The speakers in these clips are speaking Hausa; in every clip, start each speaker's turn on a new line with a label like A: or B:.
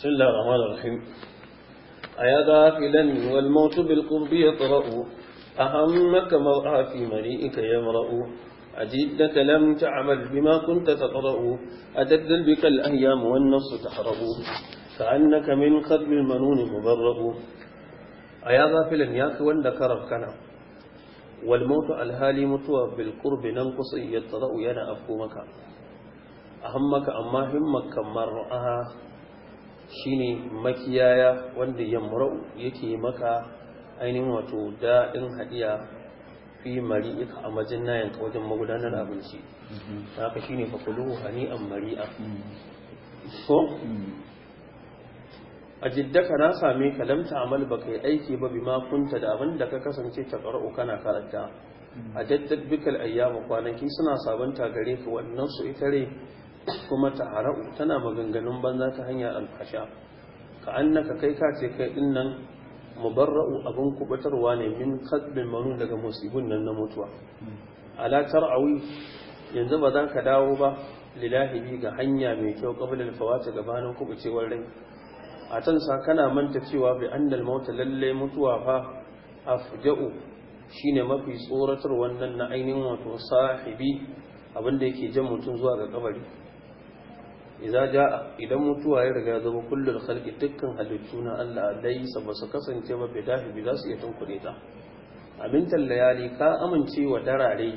A: بسم الله الرحمن الرحيم أيا غافلا والموت بالقرب يطرأ أهمك مرأى في مريئك يمرأ أجدك لم تعمل بما كنت تقرأ أتدل بك الأيام والنص تحرأ فأنك من قدم المنون مبرأ أيا غافلا ياك وندكر كنا والموت الهالي متوى بالقرب ننقص يطرأ ينا أفهمك أهمك أما همك مرأى shine makiyaya wanda yamra'u yake maka ainihin wato daɗin haɗiya fi mari'ika a majin nayan yanka wajen magudanar abinci ta mm-hmm. haka shine fakulu hani'an mari'a mm-hmm. ko mm-hmm. a jiddaka na same ka lam ta'amal baka yi aiki ba bima kunta da abin da ka kasance ta qara'u kana karanta a jaddad bikal ayyama kwanaki suna sabanta gare ka wannan su itare kuma ta tana maganganun banza ta hanyar alfasha ka annaka kai ka ce kai din nan mubarra'u abin kubatarwa ne min kadbin manu daga musibin nan na mutuwa ala tar'awi yanzu ba za ka dawo ba lilahibi ga hanya mai kyau qabla al-fawati gabanin kubucewar rai a can sa kana manta cewa bi annal maut lalle mutuwa fa afja'u shine mafi tsoratar wannan na ainihin wato sahibi abinda yake jan mutum zuwa ga kabari Iza jaa idan mutuwa ya riga zama kullum halki dukkan halittu na Allah laysa ba su kasance ba bidahi bi za su iya tunkure ta abin tallayali ka amince wa darare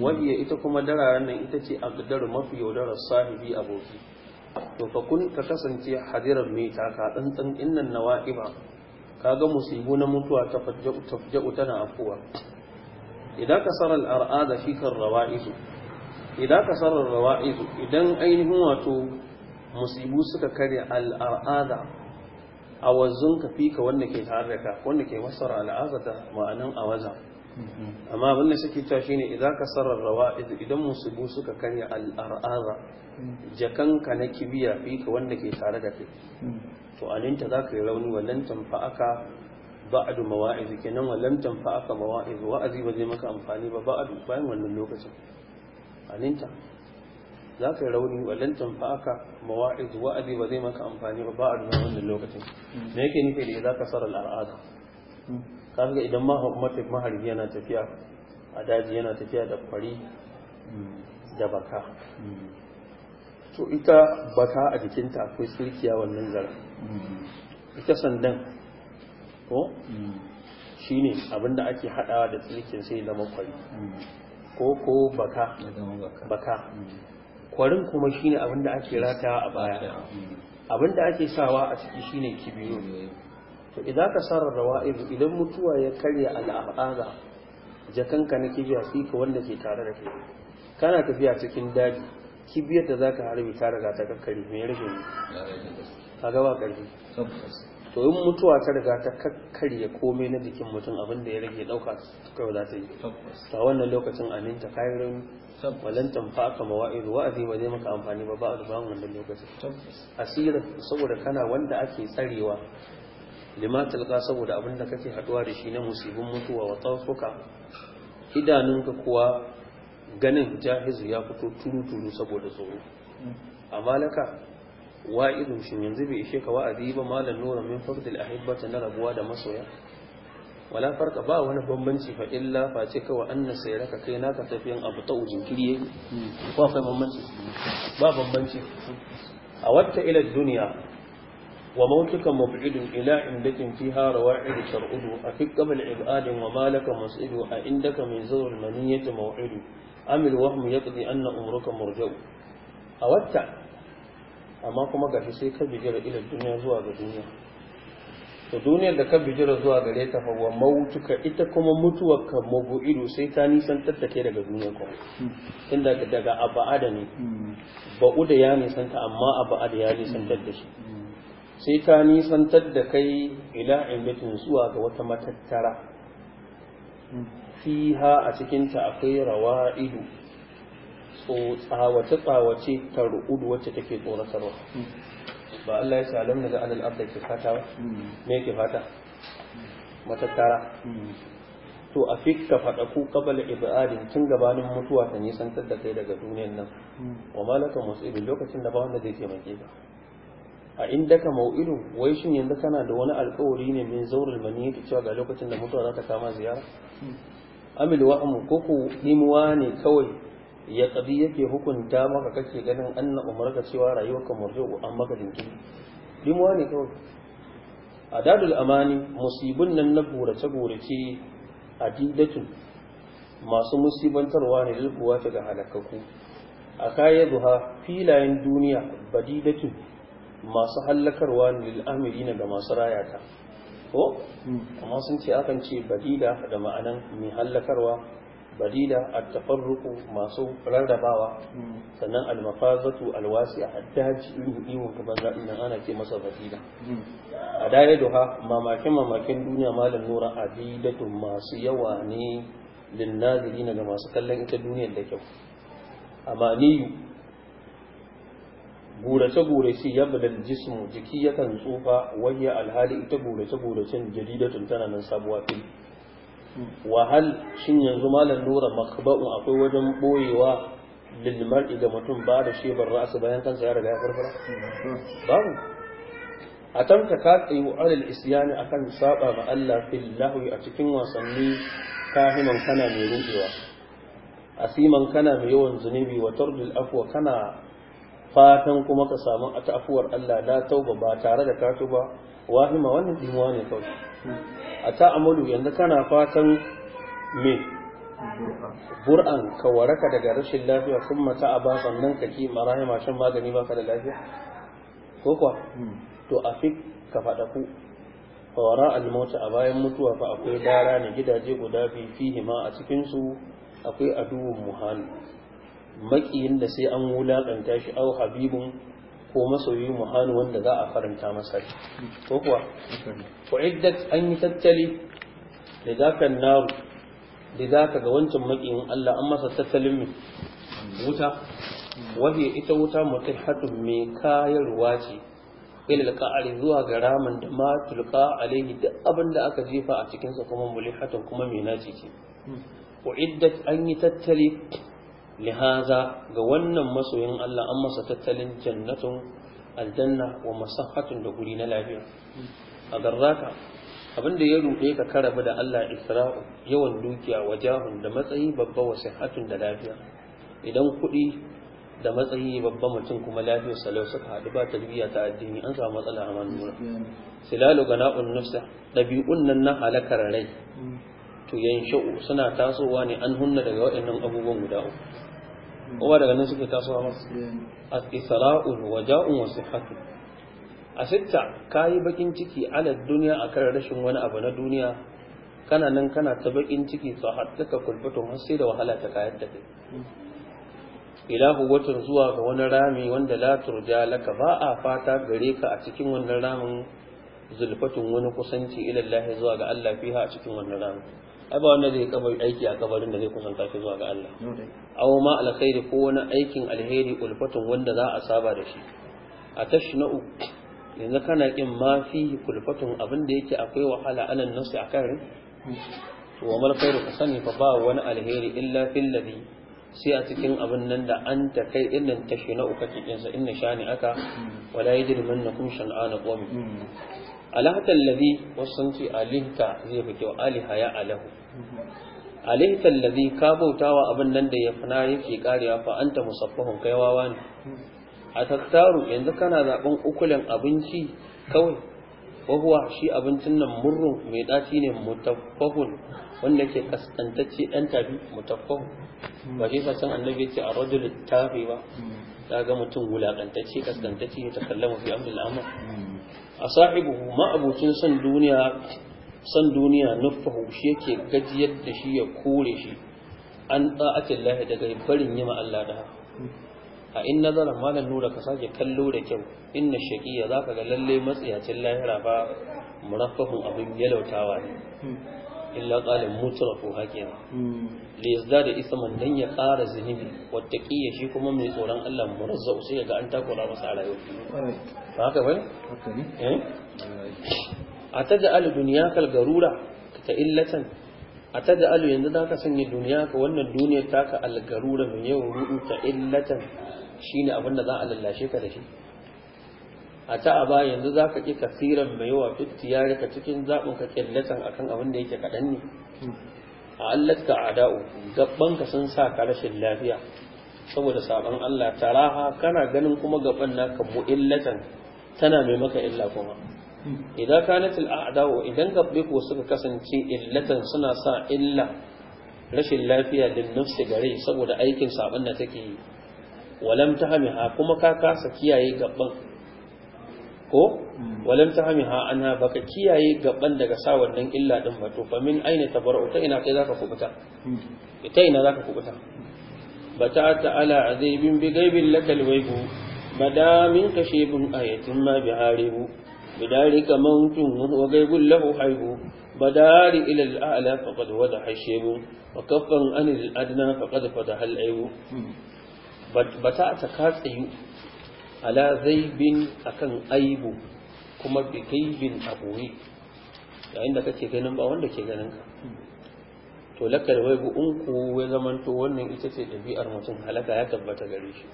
A: wahiya ita kuma dararen nan ita ce aqdar mafi yaudarar sahibi aboki to kun ka kasance hadirar mai taka tsantsan innan ka kaga musibu na mutuwa ta fajja'u tana afuwa idan kasara al-ar'ada shi kan rawa'isu idan ka sarar rawa'izu idan ainihin wato musibu suka karya al'ada a wazun ka fi ka wanda ke tare da ka wanda ke masara al'azata ma'anin a waza amma abin da suke cewa shine idan ka sarar rawa'izu idan musibu suka karya al'ada ka na kibiya fi ka wanda ke tare da kai to aninta za ka yi rauni wannan tamfa aka ba'adu mawa'izu kenan wallan tamfa aka mawa'izu wa'azi ba zai maka amfani ba ba'adu bayan wannan lokacin amfaninta za ka yi rauni wallantan fa'aka mawa'iz wa'adi ba zai maka amfani ba a duniya wannan lokacin me yake nufi da za ka sara al'ada ga idan maharbi yana tafiya a daji yana tafiya da kwari da baka to ita baka a jikinta akwai sirkiya wannan zara ita sandan ko shi ne abinda ake haɗawa da tsirkin sai zama kwari ko ko baka baka hmm. kwarin kuma shine abin da ake rata a baya hmm. abin da ake sawa a ciki shine kibiyo to idan ka sarar rawa'id idan mutuwa ya karya al'ada jakanka na kibiya sai ka wanda ke tare da kai kana tafiya cikin daji kibiyar da zaka harbi ta riga ta kakkare me rage ka kaga ba karfi to yin mutuwa ta riga ta kakkarya komai na jikin mutum abinda ya rage dauka kawai za ta yi ta wannan lokacin aminta ta rauni walan faka aka mawa'idu wa'azi ba zai maka amfani ba ba a zuba wannan lokacin asirin saboda kana wanda ake tsarewa lima saboda abin da kake haduwa da shi na musibin mutuwa wa tawfuka idanunka kuwa ganin jahizu ya fito turu turu saboda tsoro mm. amma laka wa'izun shin yanzu bai ishe ka wa'azi ba malan nura min faqdil ahibbata na rabuwa da masoya wala farka ba wani bambanci fa illa fa ce kawai anna sayraka kai naka tafiyan abu ta jinkiri yake bambanci ba bambanci a wata ila duniya wa mawtuka mub'idun ila indakin fiha rawa'id shar'udu a fi qabl ibadin wa malaka mas'idu a indaka min zawr maniyati maw'idu amil wahm yaqdi anna umruka murja'u a wata amma kuma shi sai ka bijira ilin duniya zuwa ga duniya to duniyar da ka bijira zuwa gare ta fa wa mautuka ita kuma mutuwar ka ido sai ta nisantar da kai daga duniya kuma Inda daga abada ne da ya nisanta amma abada ya nisantar da shi sai ta nisantar da kai ila imitin zuwa ga wata matattara fiha a cikinta akwai rawa ido tsawace-tsawace ta ru'udu wacce take tsoratarwa ba Allah ya salam daga alal abda ke fata ba me ke fata matattara to a ka faɗa ku kabal ibadin tun gabanin mutuwa ta nisantar da kai daga duniyan nan wa malaka musibi lokacin da ba wanda zai taimake ka a inda ka mau'idu wai shin yanzu kana da wani alkawari ne min zaurul mani da cewa ga lokacin da mutuwa za ta kama ziyara amil wa'amu ko ku ne kawai ya kadi yake hukunta maka kake ganin anna umarka cewa rayuwarka murjo an maka jinkiri Limuwa ne kawai adadul amani musibin nan na gorace gorace adidatu masu musibantarwa ne lilkuwa ta ga halakaku a kaya duha filayen duniya didatu masu hallakarwa ne na ga masu rayata ko hmm. amma sun ce akan ce badida da ma'anan mai hallakarwa badila a tafarruku masu rarrabawa sannan almafazatu alwasi a daji haddaji ihu ihu ka banza ana ce masa badila daya duha mamakin mamakin duniya malam nura adidatu masu yawa ne linnazirina ga masu kallon ita duniyar da kyau maniyu, gurace-gurace ya bada jismu jiki yakan tsufa wajen alhali ita gurace-guracen jaridatun tana nan sabuwa fili wahal shin yanzu malam nura makba'u akwai wajen boyewa lilmar ga mutum ba da shebar ra'asu bayan kansa ya riga ya farfara babu a tanka ka tsayi wa isyani akan saba ma Allah fil lahu a cikin wasanni kahiman kana mai rubewa siman kana mai yawan zunubi wa tardil afwa kana fatan kuma ka samu ta'afuwar Allah la tauba ba tare da ka tuba wahima wannan dimuwa ne kawai a ta'amalu yanzu kana fatan me bur'an ka waraka daga rashin lafiya sun mata a ba sannan ka ki marahima shan magani baka da lafiya ko kuwa hmm. to a fi ka faɗa ku fawara almota a bayan mutuwa fa akwai dara ne gidaje guda biyu fihi ma a cikinsu akwai aduwun muhalli. maƙiyin da sai an wulaƙanta shi au habibun ko masoyi muhanu wanda za a faranta masa ko kuwa ko iddat an yi tattali da zaka naru da zaka ga wancan makiyin Allah an masa tattalin wuta wahi ita wuta mutai hatun mai kayarwa ce ila ka'ari zuwa ga ramin da ma tulqa alaihi duk abinda aka jefa a cikinsa kuma mulihatun kuma me naci ce ko hmm. iddat an yi tattali lihaza ga wannan masoyin Allah an masa tattalin jannatun aljanna wa masahatun da guri na lafiya a garraka abinda ya ruɗe ka karabu da Allah isra'u yawan dukiya wa da matsayi babba wa sihatun da lafiya idan kuɗi da matsayi babba mutum kuma lafiya salau suka haɗu ba tarbiyya ta addini an samu matsala a manura silalu gana'un nafsa ɗabi'un nan na halakar rai to sha'u suna tasowa ne an hunna daga waɗannan abubuwan guda uku kuma daga nan suke tasowa masu as-isra'u wa ja'un wa a sitta yi bakin ciki ala duniya a kan rashin wani abu na duniya kana nan kana ta bakin ciki sahattaka ka har sai da wahala ta kayar da kai ilahu watan zuwa ga wani rami wanda la turja laka ba a fata gare ka a cikin wannan ramin zulfatun wani kusanci ilallahi zuwa ga Allah fiha a cikin wannan ramin ai ba wanda zai kabar aiki a kabarin da zai kusanta shi zuwa ga Allah aw ma alkhairi ko wani aikin alheri ulfatun wanda za a saba da shi a tashna'u yanzu kana kin ma fihi kulfatun abin da yake akwai wahala anan a akan to wa mal khairu ka sani fa ba wani alheri illa fil ladhi sai a cikin abin nan da an ta kai dinnan tashna'u kake kinsa inna shani aka wala yajrimannakum shan'ana qawmi hmm. wasu sun wasanti alihta zai fi kyau aliha ya alahu alihta allazi ka bautawa abin nan da ya na yake karewa fa anta musaffahun kai wawa ne a tattaru yanzu kana zaben ukulan abinci kawai wahuwa shi abincin nan murrun mai ɗaci ne mutaffahun wanda ke kaskantacce ɗan tafi mutaffahun ba shi san annabi ce a rajul tafi ba ta hmm. ga mutum wulaƙantacce kaskantacce ya takallama fi amdul amr a sahibu ma abokin san duniya san duniya yake gajiyar da shi ya kore shi an da'atin lahi daga barin yima Allah da a in nazara malan nura ka sake kallo da kyau inna shaqiya zaka ga lalle matsiyacin lahira ba muraffahun abin yalautawa ne illa qalin mutrafu hakina li yazdada isman dan ya ƙara zunubi wattaqiya shi kuma mai tsoron Allah murazza sai ga an takura masa a rayuwa ba haka bane haka ne eh dunya kal garura ta illatan ataj'al yanzu da ka sanya duniya ka wannan duniyar taka garura mai yawan rudu ta illatan shine abinda za a lallashe ka da shi a ta'aba yanzu za ka ƙi kasiran mai yawa ya ka cikin zaɓin ka ƙillatan akan abin da yake kaɗan ne a ka a da'u ka sun sa ka rashin lafiya saboda sabon Allah taraha kana ganin kuma gaban naka mu'illatan tana mai maka illa kuma idan a al'a'da'u idan gabbe ko suka kasance illatan suna sa illa rashin lafiya din nafsi gare saboda aikin sabon da take yi walam tahmiha kuma ka kasa kiyaye gaban ko hmm. walam ha'ana ba baka kiyaye gaban daga sa wannan illa din ba to fa min aina tabara'u ta ina kai zaka kubuta ita hmm. ina zaka kubuta ta ta'ala azibin bi gaibin lakal waibu bada min kashibun ayatin ma bi haribu bidarika mawtun wa gaibun lahu haibu badari ila al'ala faqad wada hashibu wa kaffan anil adna faqad fada hal hmm. ba ta ta katsayu ala zaibin akan aibu kuma bi gaibin a boye yayin da kake ganin ba wanda ke ganin ka to lakar wai bu unku ya zamanto wannan ita ce ɗabi'ar mutum halaka ya tabbata gare shi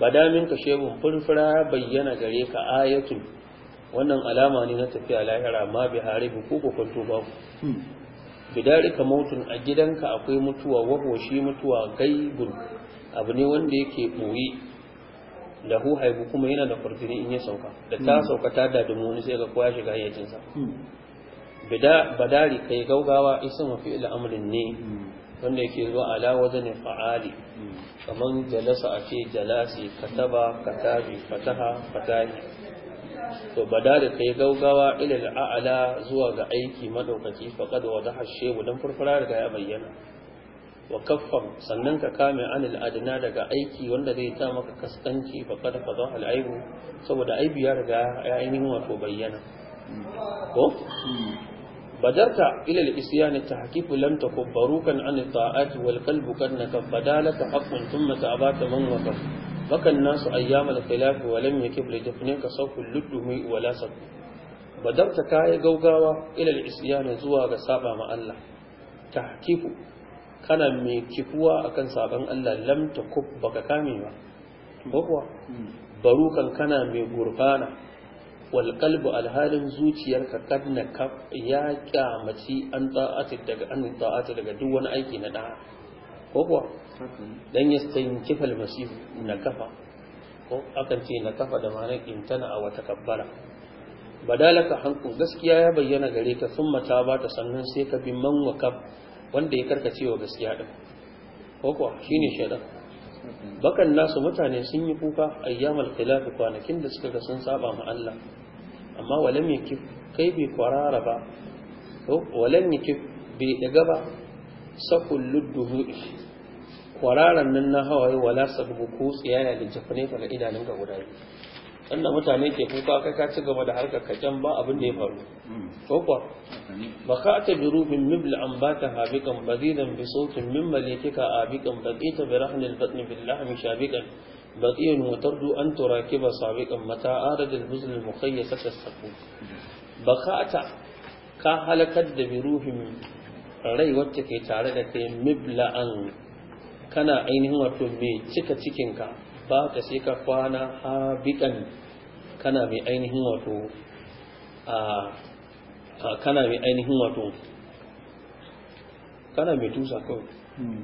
A: badamin ka shebun furfura bayyana gare ka ayatu wannan alama ne na tafiya lahira ma bi haribu ko ku. babu ka mautun a gidanka akwai mutuwa wahoshi mutuwa gaibun abu ne wanda yake boye da hu haibu kuma yana da kurfini in ya sauka da ta hmm. sauka ta da dumu ne sai ga kowa shiga hayyacinsa hmm. bida badari kai gaugawa isa mafi ila amrin ne hmm. wanda yake zuwa ala wajen fa'ali kamar jalasa a ce jalasi kataba katabi fataha fatahi to badari kai gaugawa ila ala zuwa ga aiki madaukaki faqad wadaha shehu dan furfura daga ya bayyana wa kaffam sannan ka kame anil adna daga aiki wanda zai ta maka kaskanci fa kada fa za al'aibu saboda aibu ya riga ya wato bayyana ko badarta ila al-isyan at-tahqif lam takun barukan an at-ta'at wal qalbu kad nakabbada laka haqqun thumma ta'abata man waqa bakan nasu ayyam al-khilaf wa lam yakib li dafnika sawfu ludumi wa la sab badarta kai gaugawa ila al zuwa ga saba ma Allah tahqifu kana mai kifuwa akan sabon Allah lam takub baka kame ba bakwa hmm. barukan kana mai gurfana wal qalbu alhalin zuciyarka kad na kaf ya kyamaci an ta'ati daga an ta'ati daga duk wani aiki na da'a bakwa dan yastanki kifal masif na kafa ko akan ce na kafa da ma'anar intana a wata kabbara badalaka hanku gaskiya ya bayyana gare ka sun mata ba ta sannan sai ka bi man wa wanda ya karkace wa gaskiya din ko kuwa shine shaɗa. bakan nasu mutane sun yi kuka ayyamal khilaf kwanakin da suka ga sun saba ma Allah amma walam yakif kai bai kwarara ba ko walam yakif bai daga ba sakullud duhu'i kwararan nan na hawaye wala sabu ko tsiyaya da jafane daga idanun ga guda biyu inda mutane ke kuka kai ka ci gaba da harkar kacan ba abin da ya faru ko kuwa ba ka ta bi rubin mibla an ba ta habikan bazidan bi sautin min malikika abikan baqita bi rahnil batni billah mi shabikan baqiyan watardu an turakiba sabiqan mata arad al huzn al mukhayyasat as saqu bakata ka halakar da bi ruhin rai wacce ke tare da kai mibla an kana ainihin wato mai cika cikinka ba ka sai ka kwana habikan kana mai ainihin wato a kana mai ainihin wato kana mai tusa kawai hmm.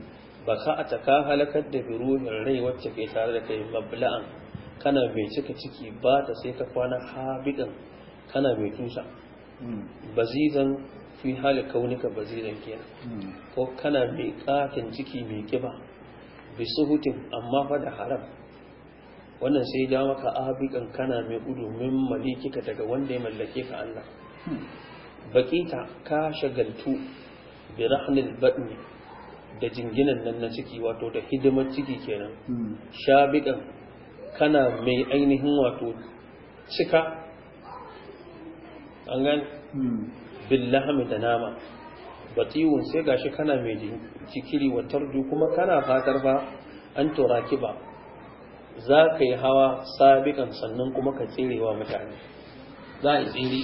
A: ba ka a taka halakar da biro biruhin rai wacce ke tare da kai mabla'an kana mai cika ciki ba ta sai ka kwana habikan kana mai tusa hmm. Ba zizan fi hali kaunika zizan kiya hmm. ko kana mai katin ciki mai kiba hutun amma fa da haram wannan sai ya maka abikan kana mai gudu min malikika daga wanda ya mallake ka Allah bakita ka shagaltu bi rahnil da jinginan nan na ciki wato da hidimar ciki kenan hmm. shabikan kana mai ainihin wato cika an gani hmm. billahami da nama batiwun sai gashi kana mai jikiri wa tarju kuma kana fatar ba an turaki ba za ka yi hawa sabikan sannan kuma ka tserewa mutane za a yi tsere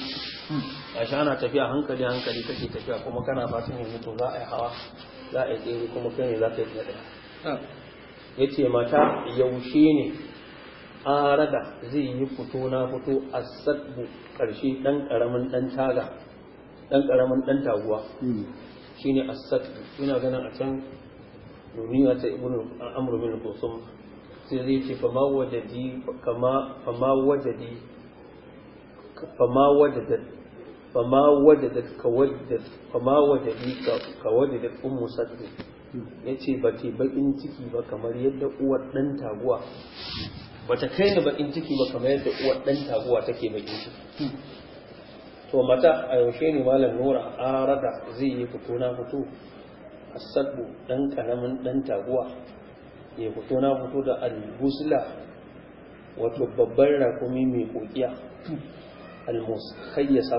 A: hmm. a shi ana tafiya hankali hankali kake tafiya kuma kana fatan yanzu to za a yi hawa za a yi tsere kuma kai ne za ka yi na ɗaya ya ce mata yaushe ne arada zai yi fito na fito a sabbu ƙarshe ɗan ƙaramin ɗan taga ɗan ƙaramin ɗan taguwa hmm. shine a sabbu ina ganin a can duniya ta ibnu amr bin qusum sai zai ce fama wajadi fama wajadi fama wajadad fama wajadad ka wajadad fama wajadi ka wajadad ba ke bakin ciki ba kamar yadda uwar ɗan taguwa ba ta kai ni bakin ciki ba kamar yadda uwar ɗan taguwa take bakin ciki to mata a yaushe ne malam a rada zai yi fito na fito asabu ɗan karamin ɗan taguwa ya fito na fito da al-busla wato babban rakumi mai kokiya al-mus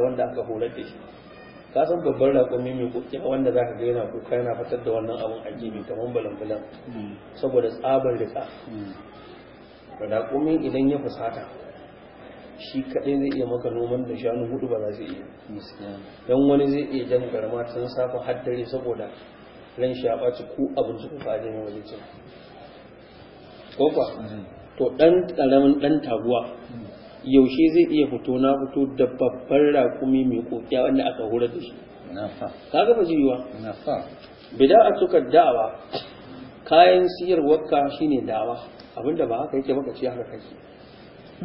A: wanda aka horar da shi ka san babban rakumi mai kokiya wanda zaka ga yana kuka yana fitar da wannan abun ajibi kamar balambalan saboda tsabar rika rakumin idan ya fusata shi kaɗai zai iya maka noman da shanu hudu ba za su iya don wani zai iya jan garma tun safa haddare saboda ran shi ya ɓaci ko abinci ko fa'adin yawancin ko to ɗan ƙaramin ɗan taguwa yaushe zai iya fito na fito da babban rakumi mai kokiya wanda aka horar da shi Ka ga zai yiwa bida a suka da'awa kayan siyar wakka shine dawa abinda ba haka yake maka ce haka kake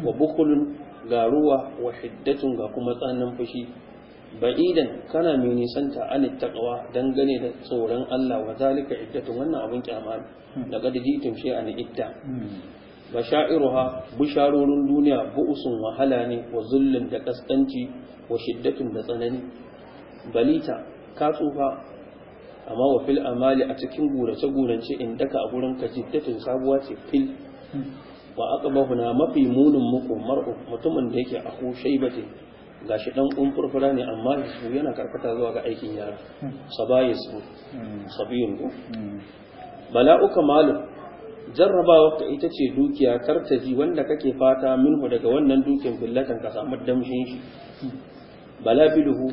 A: wa bukulun garuwa ruwa wa hiddatun ga kuma tsananin fushi ba'idan kana mai nisanta an taqwa dangane da tsoron Allah wa zalika iddatu wannan abin kyama da kad shi an idda basha'iruha bisharorun duniya bu'usun wahala ne wa zullun da kaskanci wa shiddatun da tsanani balita ka tsufa amma wa fil amali a cikin gurace gurance in daka a gurin ka jiddatin sabuwa ce fil wa aqbahuna mafi munin muku mar'u mutumin da yake a ko shaibati Ga shi dan kumfurfura ne amma su yana karfata zuwa ga aikin yara su hmm. sabiyun ku hmm. bala'uka malu jarraba wata ita ce dukiya ji wanda kake fata minhu daga wannan dukin billatan ka samu damshin shi bala biduhu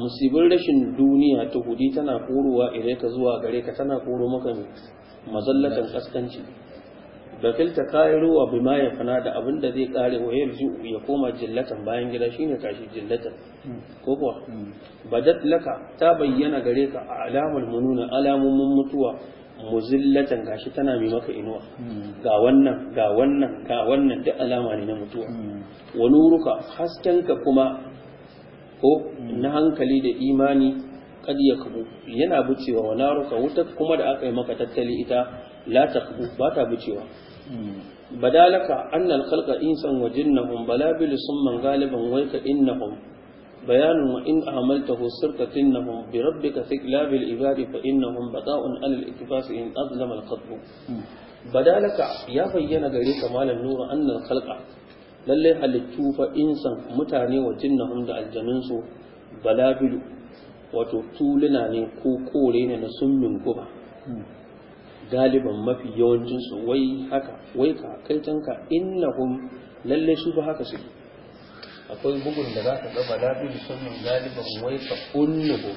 A: musibin rashin duniya ta hudi tana korowa ire ka zuwa gare ka tana koro maka mazallatan kaskanci da tilta ruwa bi bima ya fana da abin da zai kare wa zu ya koma jillatan bayan gida shine tashi jillatan ko kuwa badat laka ta bayyana gare ka a alamul mununa alamomin mutuwa muzillatan gashi tana mai maka inuwa ga wannan ga wannan ga wannan duk alama ne na mutuwa wa nuruka haskenka kuma ko na hankali da imani kad ya kubu yana bucewa wa naruka wuta kuma da aka yi maka tattali ita la ta ba ta bucewa badalaka annal khalqa insan wa jinnahum balabil summan galiban waika innahum bayanun wa in amaltahu sirtatinnahum bi rabbika thiqlabil ibadi fa innahum bata'un alal iktifasi in azlama al khatbu badalaka ya fayyana gare ka malam nuru annal khalqa lalle halittu fa insan mutane wa jinnahum da aljanunsu balabilu wato tuluna ne ko kore ne na summin guba galiban mafi yawancinsu wai haka wai ka kai tanka innahum lalle su ba haka suke akwai bugun da za ka gaba da sunan galiban wai ka unnuhum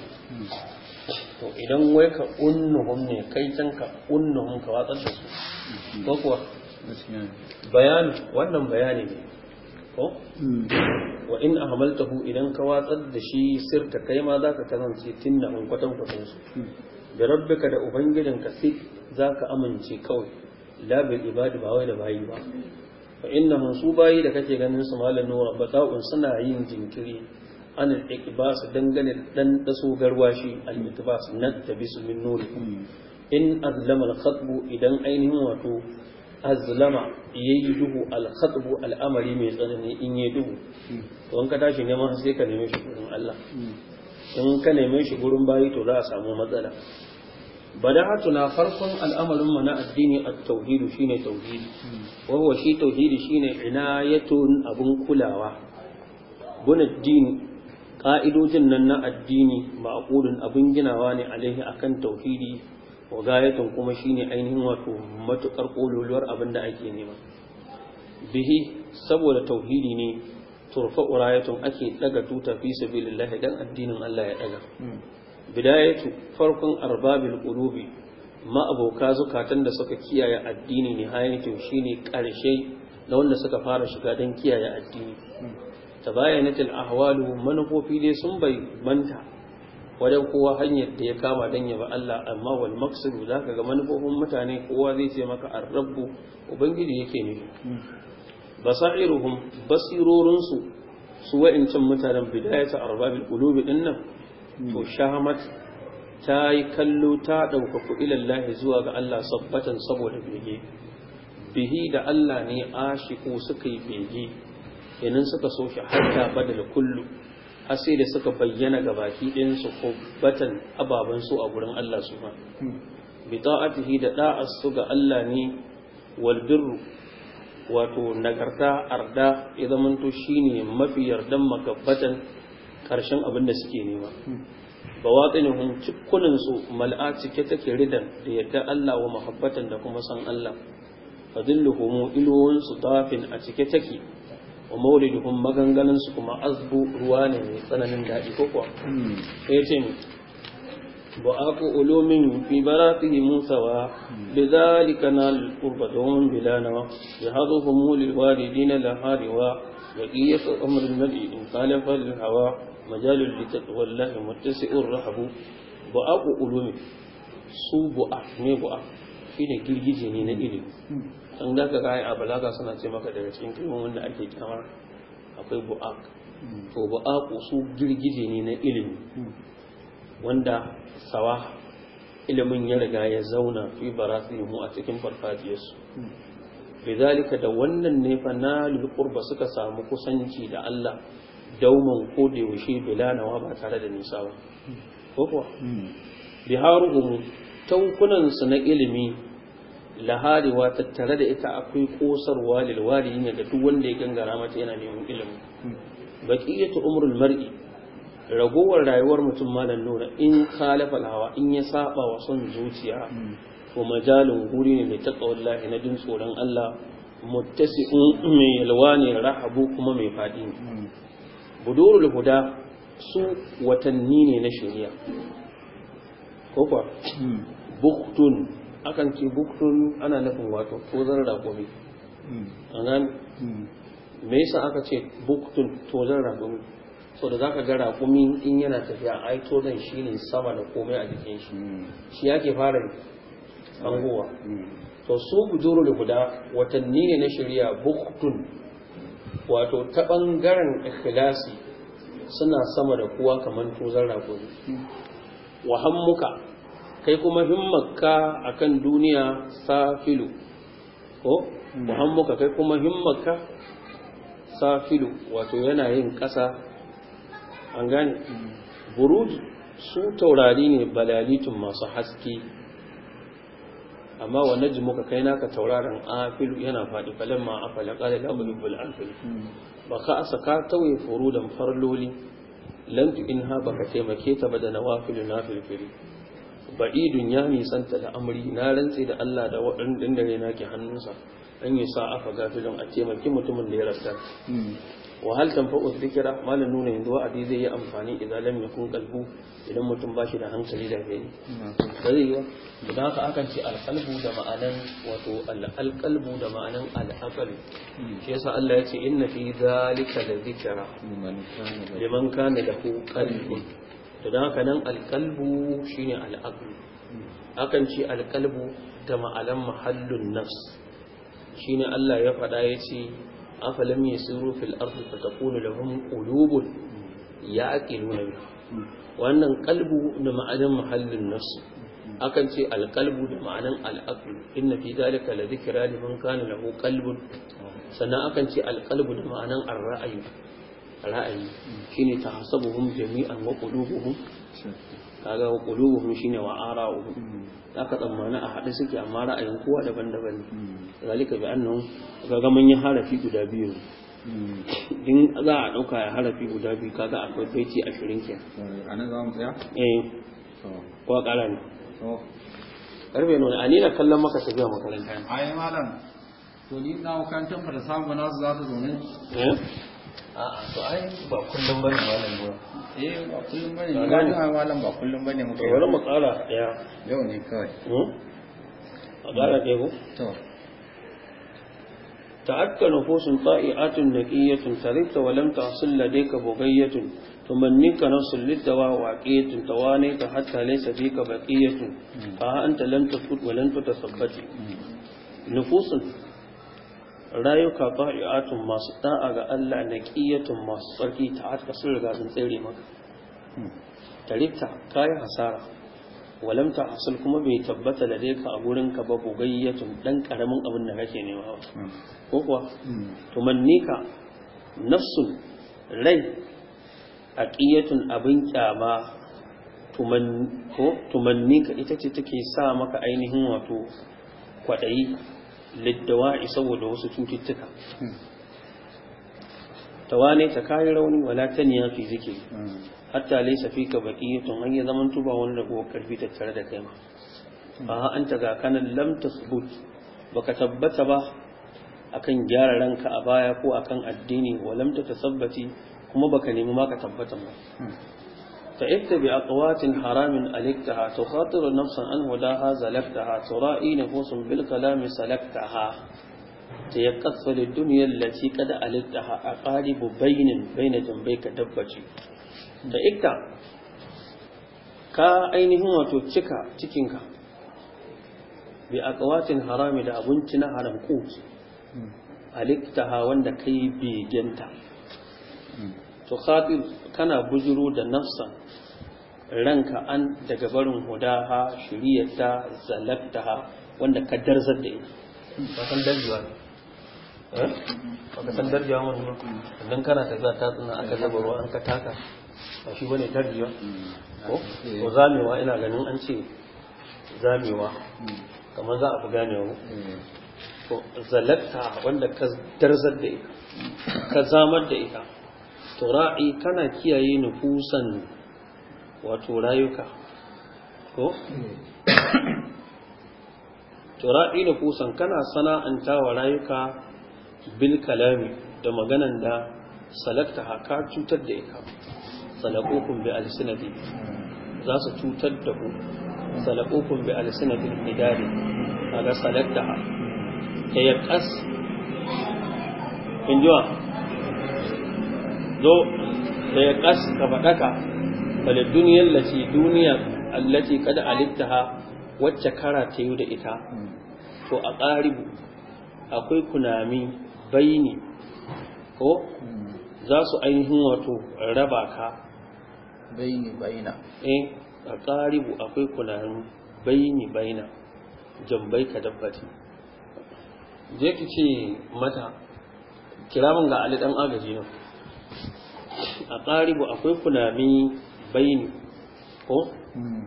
A: to idan wai ka unnuhum ne kai tanka unnuhum ka watsar da su hmm. ko kuwa bayan wannan bayani ne ko hmm. wa in ahmaltahu idan ka watsar da shi sirta kai ma za ka kasance an kwatan kwatan su hmm. da rabbika da ubangijinka sai za ka amince kawai labin ibadi ba wai da bayi ba fa inna su bayi da kake ganin su malam nura bata'un suna yin jinkiri an al-iqbas dangane dan daso garwashi al-iqbas nan tabisu min nuri in azlama al-khatbu idan ainihin wato azlama yayi duhu al-khatbu al mai tsanani in yayi duhu to in ka tashi neman sai ka neme shi Allah in ka neme shi gurin bayi to za a samu matsala na farkon al'amarin mu na addini a tauhidu shine tauhidi wa huwa shi tauhidi shine inayatun abun kulawa bunaddini ka'idojin nan na addini ma'qulun abin ginawa ne a kan tauhidi wa gayatun kuma shine ainihin wato matukar kololuwar abin da ake nema bihi saboda tauhidi ne turfa'u urayatun ake daga tuta fi sabilillah dan addinin Allah ya daga hmm. bidayatu farkon arbabil qulubi ma aboka zukatan da suka kiyaye addini ne shi shine karshe da wanda suka fara shiga dan kiyaye addini hmm. tabayanatil ahwalu manufofi dai sun bai banta wajen kowa hanyar da ya kama dan yaba Allah amma wal maqsadu zaka ga manufofin mutane kowa zai ce maka ar ubangiji yake ne basairuhum basirorinsu su wa'incin mutanen bidayata ulubi qulubi dinnan to shahamat ta yi kallo ta ɗaukaku ilallahi zuwa ga Allah sabbatan saboda bege bihi da Allah ne ashiku suka yi bege yanin suka so shi hatta badal kullu har da suka bayyana ga baki ɗinsu ko batan ababen su a gurin Allah su ma hmm. bi ta'atihi da da'as su ga Allah ne wal wato nagarta arda ya shi ne mafi yardan magabbatan karshen abin da suke nema ba waƙinihun cikunan su mal'a cike take ridan da yadda Allah wa mahabbatan da kuma san Allah fadilluhum ilwun su tafin a cike take wa mauliduhum maganganun su kuma azbu ruwa ne mai tsananin daɗi ko kuwa hmm. sai ce وآق علوم في براته موسى بذلك نال قربتهم بلا نوى جهادهم للوالدين لها و بقية أمر النبي إن خالف الهوى مجال لتقوى الله متسع الرحب وآق علوم su bu'a ne bu'a shi ne girgije ne na ilimi an ka kayan a balaga suna ce maka daga cikin kalmomin da ake kyamar akwai bu'a to bu'a su girgije ne na ilimi wanda sawa ilimin ya riga ya zauna fi baratihim a cikin farfajiyarsu bizalika da wannan ne fa nalul suka samu kusanci da Allah dauman ko da yaushe bilanawa ba tare da nisa ba ko kuwa biharuhum tankunan su na ilimi lahariwa tattare da ita akwai kosarwa lilwari ne ga duk wanda ya gangara mata yana neman ilimi baqiyatu umrul mar'i ragowar rayuwar mutum malam nura in khalafa hawa in ya saba wa son zuciya ko majalin guri ne mai wallahi na jin tsoron Allah muttasi'un mai yalwa ne rahabu kuma mai fadi budurul huda su watanni ne na shari'a ko kuwa buktun akan ce buktun ana nufin wato tozar raƙumi an gani me yasa aka ce buktun tozar raƙumi so da zaka ga raƙumi in yana tafiya ai to dan shine sama da komai a jikin shi hmm. shi yake fara anguwa hmm. to su da guda watanni ne na shirya buktun wato ta bangaren ikhlasi suna sama da kuwa kamar tozar raƙumi wa kai kuma himmarka akan duniya safilu ko muhammuka hmm. kai kuma himmarka safilu wato yana yin ƙasa an gane buruj su taurari ne balalitun masu haske amma wa najmu ka kai naka tauraron afilu yana faɗi ma afal qala la bulbul afil ba ka asa ka tauye furudan farloli lan ha baka taimake ta ba da nawafilu nafilfili ba'idun ya nisanta da amri na rantse da Allah da waɗannan ne nake hannunsa an yi sa'a fa gafilun a taimaki mutumin da ya rasa hmm. wa hal tanfa'u dhikra malan nuna yanzu wa'adi zai yi amfani idan lam yakun qalbu idan mutum ba shi da hankali da gani zai yi da haka akan ce alqalbu da ma'anan wato alqalbu da ma'anan al'aqal hmm. shi yasa Allah ya ce inna fi zalika la dhikra liman kana lahu qalbun hmm. to dan haka nan alqalbu shine al'aqal
B: hmm.
A: akan ce alqalbu da ma'anan mahallun nafs shine Allah ya faɗa ya ce afalam siru fil ardi fatakunu lahum qulubun ya'qiluna biha wannan qalbu da ma'anin muhallin nafsi akan ce alqalbu da ma'anan al'aqlu inna fi zalika la dhikra liman kana lahu qalbun sannan akan ce alqalbu da ma'anan ar-ra'yu ra'ayi shine tahasabuhum jami'an wa qulubuhum kaga wa qulubuhum shine wa ara'uhum zaka tsammana a hade suke amma ra'ayin kowa daban-daban ne zalika bi annahu kaga mun yi harafi guda biyu in za a dauka ya harafi guda biyu kaga akwai baiti 20 kenan anan za mu tsaya eh ko kala ne karfe nuna a nina kallon maka tafiya makaranta ne a yi malam
B: to ni na makarantar fara samu na su za ta zo ne eh? a'a
A: to ai ba kullum bane malam ba eh ba kullum bane malam malam ba kullum bane wani mu kara daya yau ne kawai hmm? a kara daya ko to تعك نفوس طائعة نقية تربت ولم تحصل لديك بغية تمنيك نفس للدواء وعقية توانيك حتى ليس فيك بقية فها أنت لم تثبت ولن تتثبت نفوس rayuka ba'i'atun masu da'a ga Allah na ƙiyatun masu tsarki ta atka sun riga sun tsere maka tarifta hmm. kayan hasara walamta hasul kuma bai tabbata da ka a gurin ka ba bugayyatun ɗan ƙaramin abin da kake nema ba hmm. ko kuwa hmm. tumannika nafsun rai a aqiyatun abin kyama tumannika ita ce take sa maka ainihin wato kwaɗayi liddawa'i saboda wasu cututtuka tawane ta kayi rauni wala ta fi fiziki. hatta laysa fika baqiyatun an ya zaman tuba wani rago karfi tattare da kai ma ba anta ga kanan lam tasbut baka tabbata ba akan gyara ranka a baya ko akan addini walam ta tasabbati kuma baka nemi ma ka tabbata ba فعبت بأقوات حرام ألكتها تخاطر نفسا عن هداها زلفتها ترائي نفوس بالكلام سلكتها تيقظ للدنيا التي قد ألكتها أقارب بين بين جنبيك دبجي فإكتا ka ainihin wato cika cikinka bi aqwatin harami da abinci na haram ku aliktaha wanda kai bigenta to khatir kana bujiro da nafsan ranka an daga barin hudaha shiriyarta zalabtaha wanda ka darzar da ita ba san darjewa ne eh? ba ka san darjewa wani ba idan kana za ta tsina aka zaba ruwa an ka taka ba shi bane darjewa ko zamewa ina ganin an ce zamewa kamar za a fi gane ko eh. zalatta wanda ka darzar da ita ka zamar da ita tura'i kana kiyaye nufusan wato rayuka ko tura'i nufusan kana sana'anta wa rayuka bil kalami da maganan da salakta haka cutar da ita salakokun bi alisinadi za su cutar da ku salakokun bi alisinadi idari a ga salakta ta yakas in jiwa zo da ya kas ka faɗaka wadda duniyar lati duniyar allati kada ha wacce kara ta yi da ita to a ƙaribu akwai kunami bayini ko za su ainihin wato raba ka bayini bayina eh a ƙaribu akwai kunami bayini bayina jambai ka dabbati je ki ce mata kira ga alidan agaji nan a ƙaribu akwai kulami bayani ko? Hmm.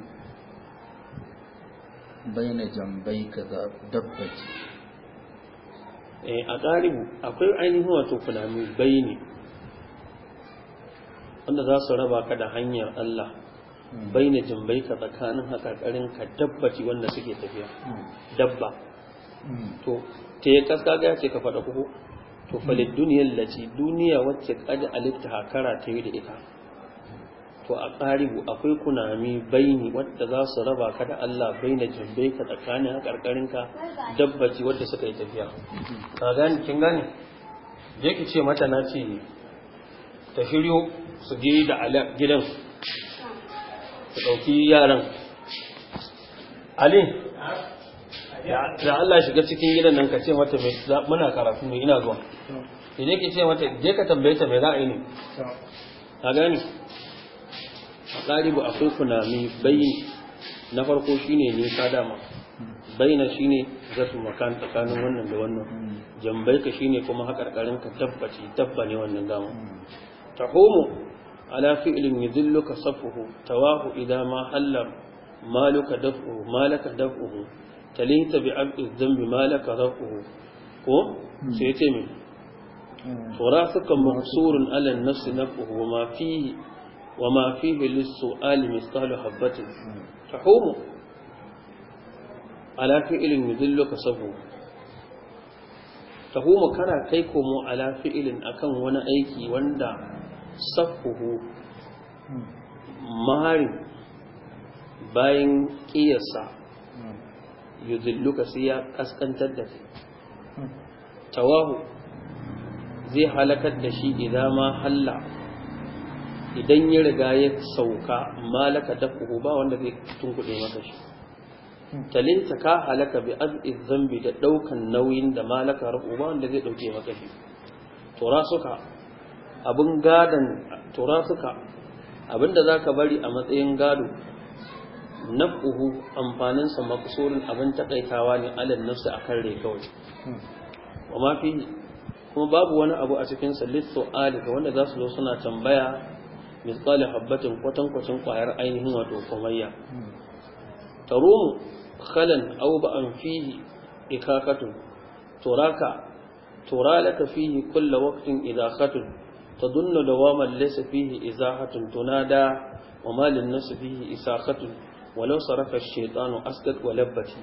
A: bayana jambai ka za dabbaci eh, a ƙaribu akwai ainihin wato kulami bayani wanda za su raba ka da hanyar Allah hmm. bayana jambai ka tsakanin haƙaƙarin ka dabbaci wanda suke tafiya hmm. dabba to te kaskaga ya ce ka faɗa kuku to falid duniyar lati duniya wacce kada alifta hakara ta yi da ita to a ƙaribu akwai kunami baini wadda za su raba ka da Allah baina jambe ka tsakanin ka dabbaci wadda suka yi tafiya ka gani kin gani je ki ce mata na ce ta shiryo su je da gidan su ɗauki yaran Ali da Allah shiga cikin gidan nan ka ce mata mai muna karatu ne ina zuwa idan ki ce mata je ka tambaye ta me za a yi ne a gani qaribu akwai kunami bayyin na farko shine ne ka dama bayyana shine zatu makan tsakanin wannan da wannan hmm. jambai ka shine kuma hakarkarin ka tabbaci tabba ne wannan dama hmm. tahumu ala fi'lin yadulluka safuhu tawahu ma hallar maluka daf'uhu malaka daf'uhu talinta bi abdin zambi malaka rahu ko hmm. sai ce mai hmm. suka mahsurun ala nafsi nafuhu wa ma fihi wa ma fihi lis-su'al mithqalu habatin hmm. tahumu ala fi'lin yudilluka sabu tahumu kana kai komo ala ilin akan wani aiki wanda safuhu marin bayan ƙiyasa yuzilluka sai ya kaskantar da kai tawahu zai halakar da shi idan ma halla idan ya riga ya sauka malaka ta kuhu ba wanda zai tunkuɗe maka shi talinta ka halaka bi az'iz zambi da ɗaukan nauyin da malaka rahu ba wanda zai ɗauke maka shi turasuka suka abin gadon tura suka abinda za ka bari a matsayin gado naf'uhu amfaninsa makusurin abin takaitawa ne alal nafsi akan rai kawai wa ma fi kuma babu wani abu a cikin sa ali ga wanda za su zo suna tambaya misali habbatin kwatan kwatan kwayar ainihin wato komayya tarumu khalan aw ba'an fihi ikakatu turaka turalaka fihi kullu waqtin idha khatun تظن دواما ليس فيه إزاحة تنادى وما للنفس فيه إساخة walau sarrafa shaitanu asgad wa labbati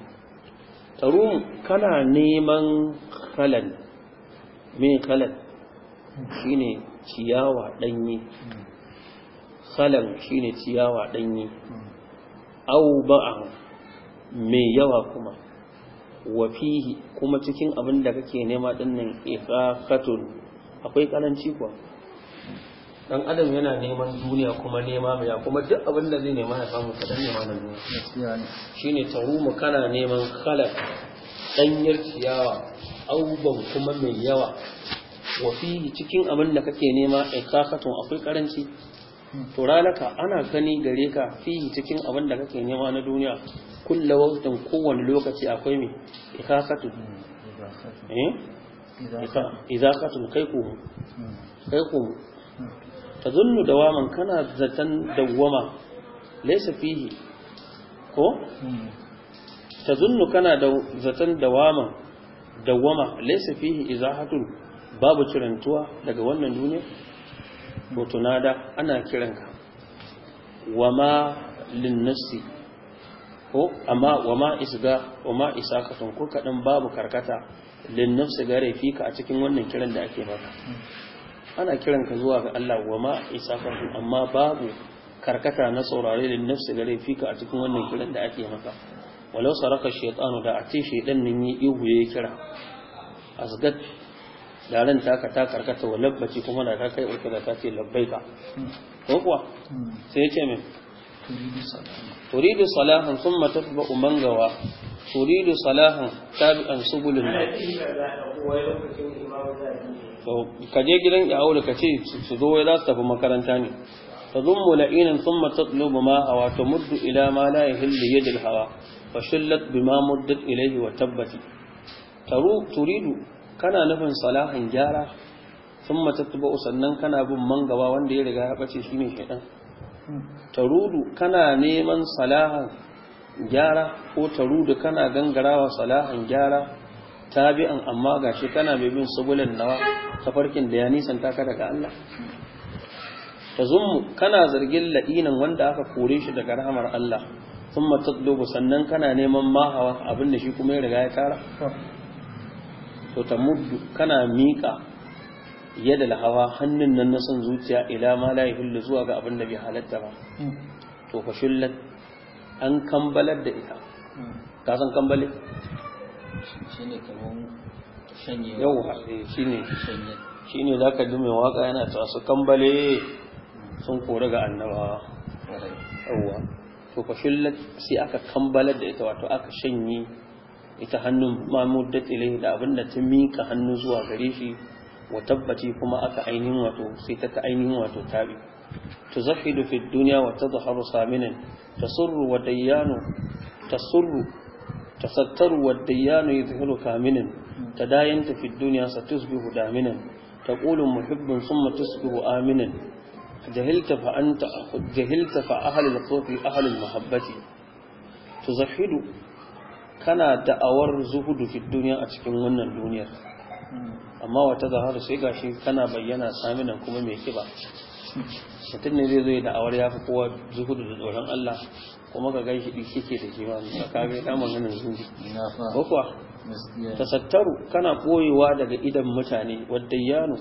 A: kana neman khalal me khalal shine ciyawa danye khalal shine ciyawa ɗanyi. aw ba'a yawa kuma wa kuma cikin abin da kake nema dinnan iqaqatun akwai karanci kuwa dan adam yana neman duniya kuma nema mai ya kuma duk abin da zai nema ya samu kadan nema na duniya shine mu kana neman khalaq danyar ciyawa auban kuma mai yawa wa cikin abin da kake nema kakatun akwai karanci to ranaka ana gani gare ka fihi cikin abin da kake nema na duniya kulla waqtin kowane lokaci akwai mai ikasatu eh kai ko hmm. kai tazunnu دواما kana zaton دوما ليس فيه ko hmm. tazunnu kana da دواما دوما ليس فيه fihi باب babu cirantuwa daga wannan duniya hmm. to tunada ana kiranka wama linnafsi ko amma wama isga wama tun ko kadan babu karkata linnafsi gare fika a cikin wannan kiran da ake maka
B: hmm.
A: ana kiran ka zuwa ga Allah wa ma isafatu amma babu karkata na saurare da nafsi rai fika a cikin wannan kiran da ake maka walau saraka shaytanu da a ce shaydan nan yi ihu ya kira asgat da ran taka ta karkata wa labbaci kuma da ka kai uku da ka ce labbaika ko kuwa sai ya ce min turidu salahan thumma tatba'u mangawa turidu salahan tabi'an subulun ka je gidan yawon ka ce su zo wai za su tafi makaranta ne ta zummu la'inan sun matatlubu ma hawa wato muddu ila ma la yahillu yadil hawa fa shullat ma muddat ilayhi wa tabbati turidu kana nufin salahan gyara sun matattuba sannan kana bin mangawa wanda ya riga ya bace shi ne shine shedan tarudu kana neman salahan gyara ko da kana gangarawa salahan gyara tabi'an amma ga shi kana mai bin sabulan nawa ta farkin da ya nisanta taka daga Allah Ta tazummu kana zargin la'inan wanda aka kore shi daga rahamar Allah thumma tatlubu sannan kana neman mahawa abin da shi kuma ya riga ya tara to ta muddu kana miƙa yadda lahawa hannun nan na son zuciya ila ma la yahillu zuwa ga abin da bai halatta ba hmm. to fashillat an kambalar da ita ka san kambale
B: shine kaman shanye yau eh, shine shanye
A: shine zaka ji mai waka yana ta su kambale sun kore ga annaba yawwa to fa shillat sai aka kambalar da ita wato aka shanye ita hannun da tsile da abinda ta mika hannu zuwa gare shi wa tabbati kuma aka ainihin wato sai ta ainihin wato tabi تزحد في الدنيا وتظهر ثامنا تسر وديان تسر تستر وديان يظهر كامنا تداينت في الدنيا ستصبح دامنا تقول محب ثم تصبح آمنا جهلت فأنت جهلت فأهل الخوف أهل المحبة تزحد كان da'awar زهد في الدنيا أتكلم من الدنيا أما وتظهر wata zahar sai gashi kana bayyana saminan shatun ne zai zo ya da'awar ya fi kowa zuhu da tsoron Allah kuma ga gaishi ɗi shike da shima da kame kama ganin zuhu. Bakwa, tasattaru kana koyewa daga idan mutane wadda yano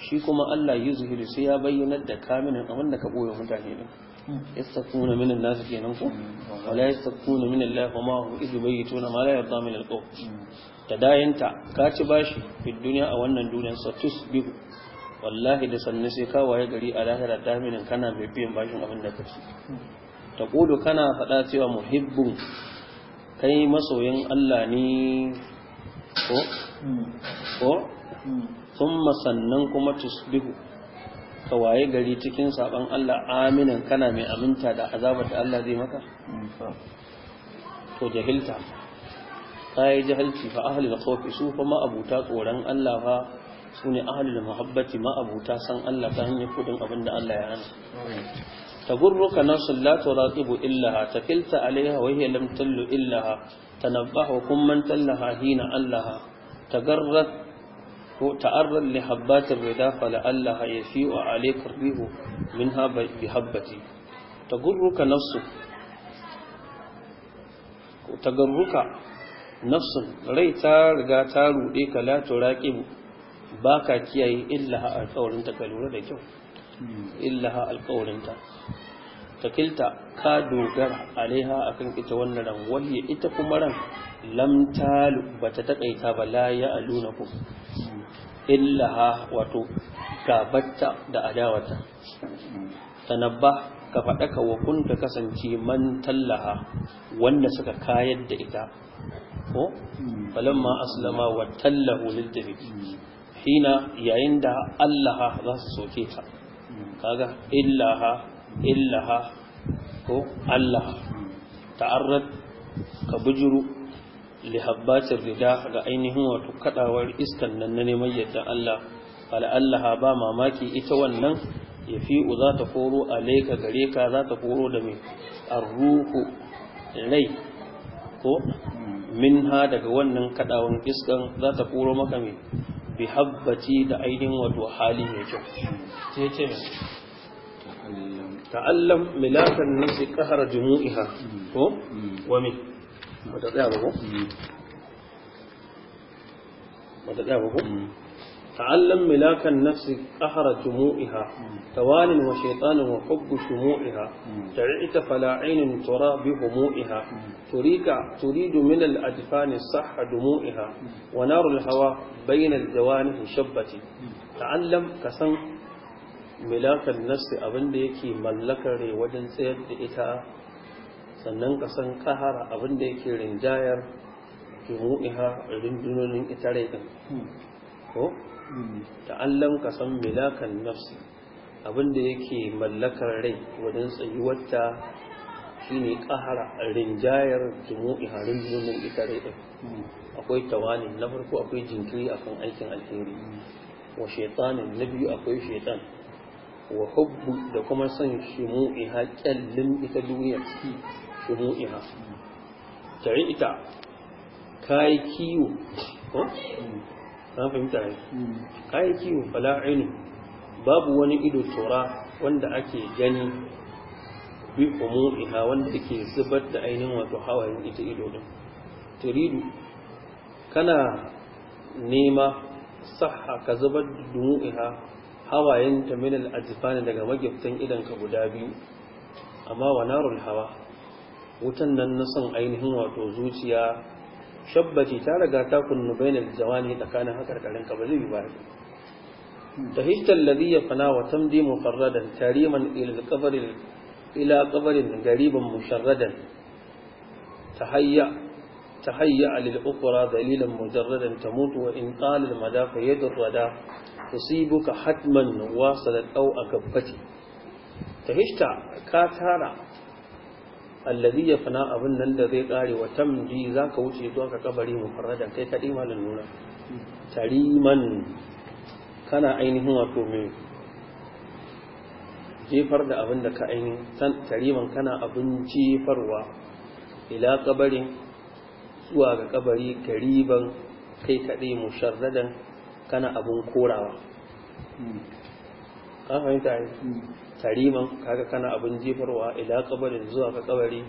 A: shi kuma Allah yi zuhiri sai ya bayyana da kaminin abin da ka koyo mutane ne. Yasta kuna minin nasu kenan ku Wala ya kuna minin lafa ma hu izu bayi tona ma la yadda min alƙo. Mm. Da dayanta ka ci bashi fi duniya a wannan duniya sattus bihu. wallahi da sannu sai ka waye gari a lahira daminin kana mai biyan bashin abin da kake ta kudu kana faɗa cewa muhibbin kai masoyin Allah ne ko ko sun masannan kuma tusbihu ka waye gari cikin saban Allah aminin kana mai aminta da azabar da Allah zai maka to jahilta ta yi jahilci fa ahli da kofi su kuma abuta tsoron Allah fa su ne ahalul mahabbati ma'abuta san Allah ta hanyar kudin abin da Allah ya hana tagurruka nafsul la turatibu illaha tafilta alaiha wa hiya lam tallu illaha tanabbahu kum man tallaha hina allaha tagarrat ko ta'arrad li habbatir rida fa la allaha yafi'u alayka rihu minha bi habbati tagurruka nafsu tagarruka nafsun rai ta riga ta rude ka la turaqibu ba ka kiyaye illaha alkawarinta ka lura da kyau illaha Ta kilta ka dogara alaiha akan ita wannan ran wani ita kuma ran lamta ba ta taƙaita ba la ya aluna ku illaha wato gabatta da adawata tanabba ka faɗa ka kun ka kasance man tallaha wanda suka kayar da ita ko falamma aslama wa tallahu lil hina yayin da allah za su soke ta kaga illaha illaha ko Allah ta'arrad ka bujuru habbatir rida ga ainihin wato kadawar iskan nan ne neman yadda Allah allaha ba mamaki ita wannan ya fi za ta koro alaika gare ka za ta koro da me arruhu lai ko min ha daga wannan kadawan iskan za ta koro maka me. bi habbati da ainihin wato hali mai kyau sai ce ta'allam milakan nasi qahara jumu'iha ko wa min wata tsaya ba ko wata tsaya ba ko تعلم ملاك النفس قهر جموعها توال وشيطان وحب شموعها تعيت فلا عين ترى بهموعها تريك تريد من الأجفان الصح دموعها ونار الهوى بين الجوانب شبتي تعلم كسن ملاك النفس أبن ديكي ملكري وجن سيد إتا sannan ka san kahara abin da yake rinjayar ke mu'iha rundunonin ita rai ko ta'allam ka san milakan nafsi abinda yake mallakar rai wajen tsayuwarta shine kahara rinjayar jumu'i harin jumu'in ita rai akwai tawani na farko akwai jinkiri akan aikin alheri wa shaitanin na biyu akwai shaitan wa hubbu da kuma son ha kyallin ita duniya ha? tare ita kayi kiwo an fahimta ne aiki kiwo fala'inu babu wani ido tura wanda ake gani bi umu'iha wanda ke zubar da ainihin wato hawayen ita ido din turidu kana nema sahha ka zubar da dumu'iha hawayen ta min al daga magiftan idan ka guda biyu amma wa narul hawa wutan nan na son ainihin wato zuciya shabbaci ta riga ta kunnu bainal zawani tsakanin hakarkarin ka ba zai yi ba تهجت الذي يفنى وتمضي مفردا كريما إلى القبر إلى قبر قريب مشردا تهيأ تهيأ للأخرى دليلا مجردا تموت وإن طال المدى فيد الردى تصيبك حتما واصلت أو أكبتي تهجت كاتارا allazi ya fana abin nan da zai kare wa tamdi zaka wuce zuwa ka kabari mufarradan kai kaɗai malam nuna tariman kana ainihin wato mai jefar da abin da ka ainihin tariman kana abin jefarwa ila kabarin zuwa ga kabari kariban kai mu musharradan kana abin korawa hmm. ka fahimta sariman kaga kana abin jefarwa ila kabari zuwa ka kabari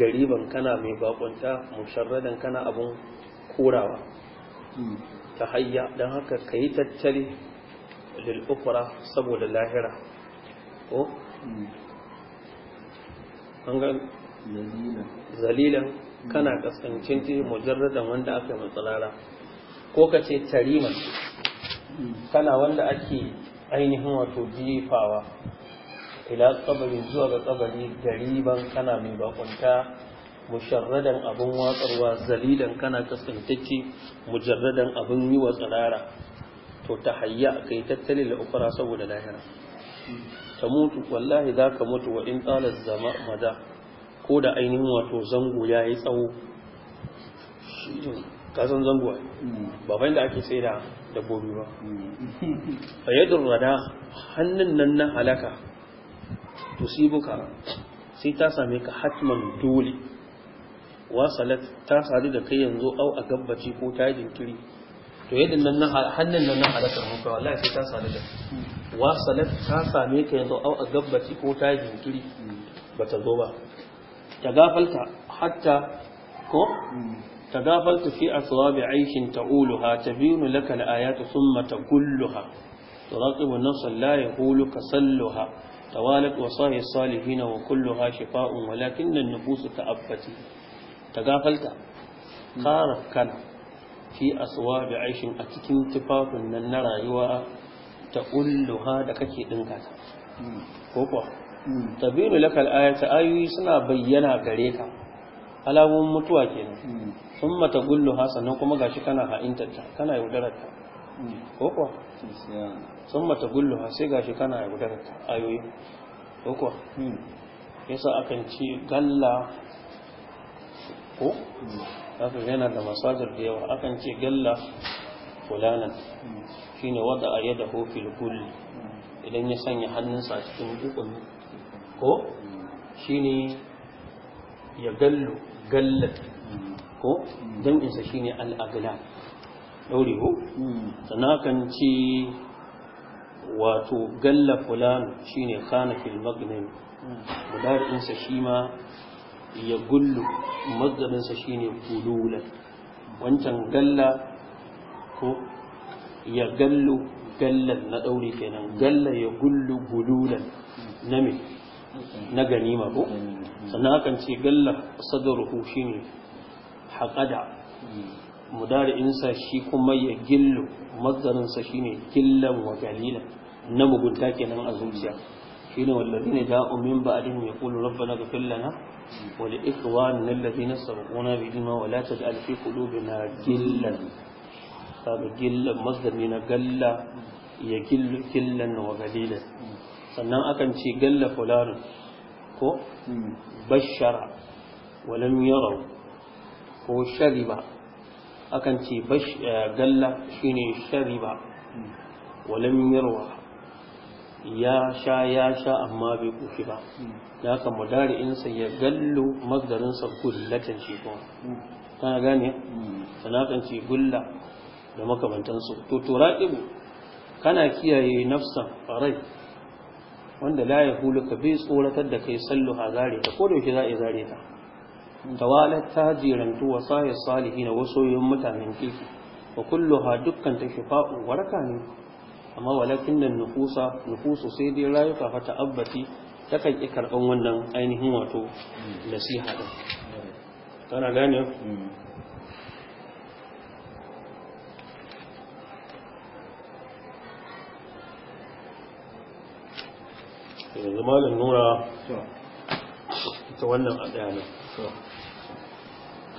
A: gariban kana mai bakunta musharradan kana abin korawa hmm. ta hayya don haka ka yi tattali lil'ukura saboda lahira ko? Hmm. zalilan hmm. kana kaskancin mujarradan wanda aka matsalara ko ka ce tariman kana wanda ake ainihin wato jifawa ila kabari zuwa ga kabari gariban kana mai bakunta musharradan abin watsarwa zalilan kana kasantacce mujarradan abin yi wa tsirara to ta hayya kai tattali da ukra saboda lahira ta mutu wallahi za ka mutu wa in tsalar zama maza ko da ainihin wato zango ya yi tsawo san zango ba bayan da ake tsaye da dabbobi ba a hannun nan na halaka tusibuka sai ta same ka hatman dole wasalat ta sadu da kai yanzu au a gabbaci ko ta jinkiri to yadda nan na hannun nan na halakar muka wallahi sai ta sadu da wasalat ta same ka yanzu au a gabbaci ko ta jinkiri ba ta zo ba ta gafalta hatta ko ta gafalta fi aswabi aishin ta'uluha tabinu laka al-ayatu thumma taqulluha تراقب النفس لا يقول كسلها tawalat wasahi salihina wa kulluha shifa'un walakin an-nufus ta'affati tagafalta kara kana fi aswabi aishin a cikin tufafin nan na rayuwa ta kulluha da kake dinka ta ko ko tabiru lakal ayata ayoyi suna bayyana gare ka alamomin mutuwa kenan sun mata gulluha sannan kuma gashi kana ha'intarta kana yaudararta ko sun mata gulluwa sai gashi kana yaudar ayoyi ko yasa akan ci galla ko haka yana da masajar da yawa akan ce galla fulanan ne wada a yadda hofil gulli idan ya sanya hannunsa a cikin dukkan ko ne ya gallo gallat ko don isa ne al'agla ɗaure ko hmm. kan wato galla fulano shine kana fil magnin hmm. mudarinsa shi ma ya gullu maganinsa shi ne kululan wancan galla ko ya gallu gallan na ɗauri kenan galla ya gullu gululan na me hmm. na ganima ko sannan galla sadaruhu shi ne haƙada insa shi kuma ya gillu shi ne gillan wa galilan na mugunta kenan a zuciya shi ne shine wallazina ja'u min ya yaqulu rabbana ighfir lana wa li ikhwanina na sabaquna bil iman wa la taj'al fi qulubina gillan kaga gillan masdar ne na galla ya gillu gillan wa galilan sannan akan ce galla fulani ko hmm. bashara walam yaraw ko shariba akan ce bash eh, galla shine shariba walam yarwa ya sha ya sha amma bai kushi ba da haka insa ya gallo mazdarinsa gullatan shi kuma ta gane kan ce gulla da makamantansu to turaqibu kana kiyaye nafsan rai wanda la ya ka bai tsoratar da kai sallu hazare ta ko da yake za a zare ta da ta jirantu wa salihi na wasoyin mutanen kiki wa kulluha dukkan ta shifa'u waraka ne amma walakin da nufusa nufusu sai dai rayuka fata abbati takan ƙi karɓar wannan ainihin wato nasiha ɗin tana gane hmm. yanzu malin nura ta wannan a ɗaya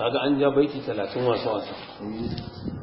A: kaga an ja baiti talatin wasa wasa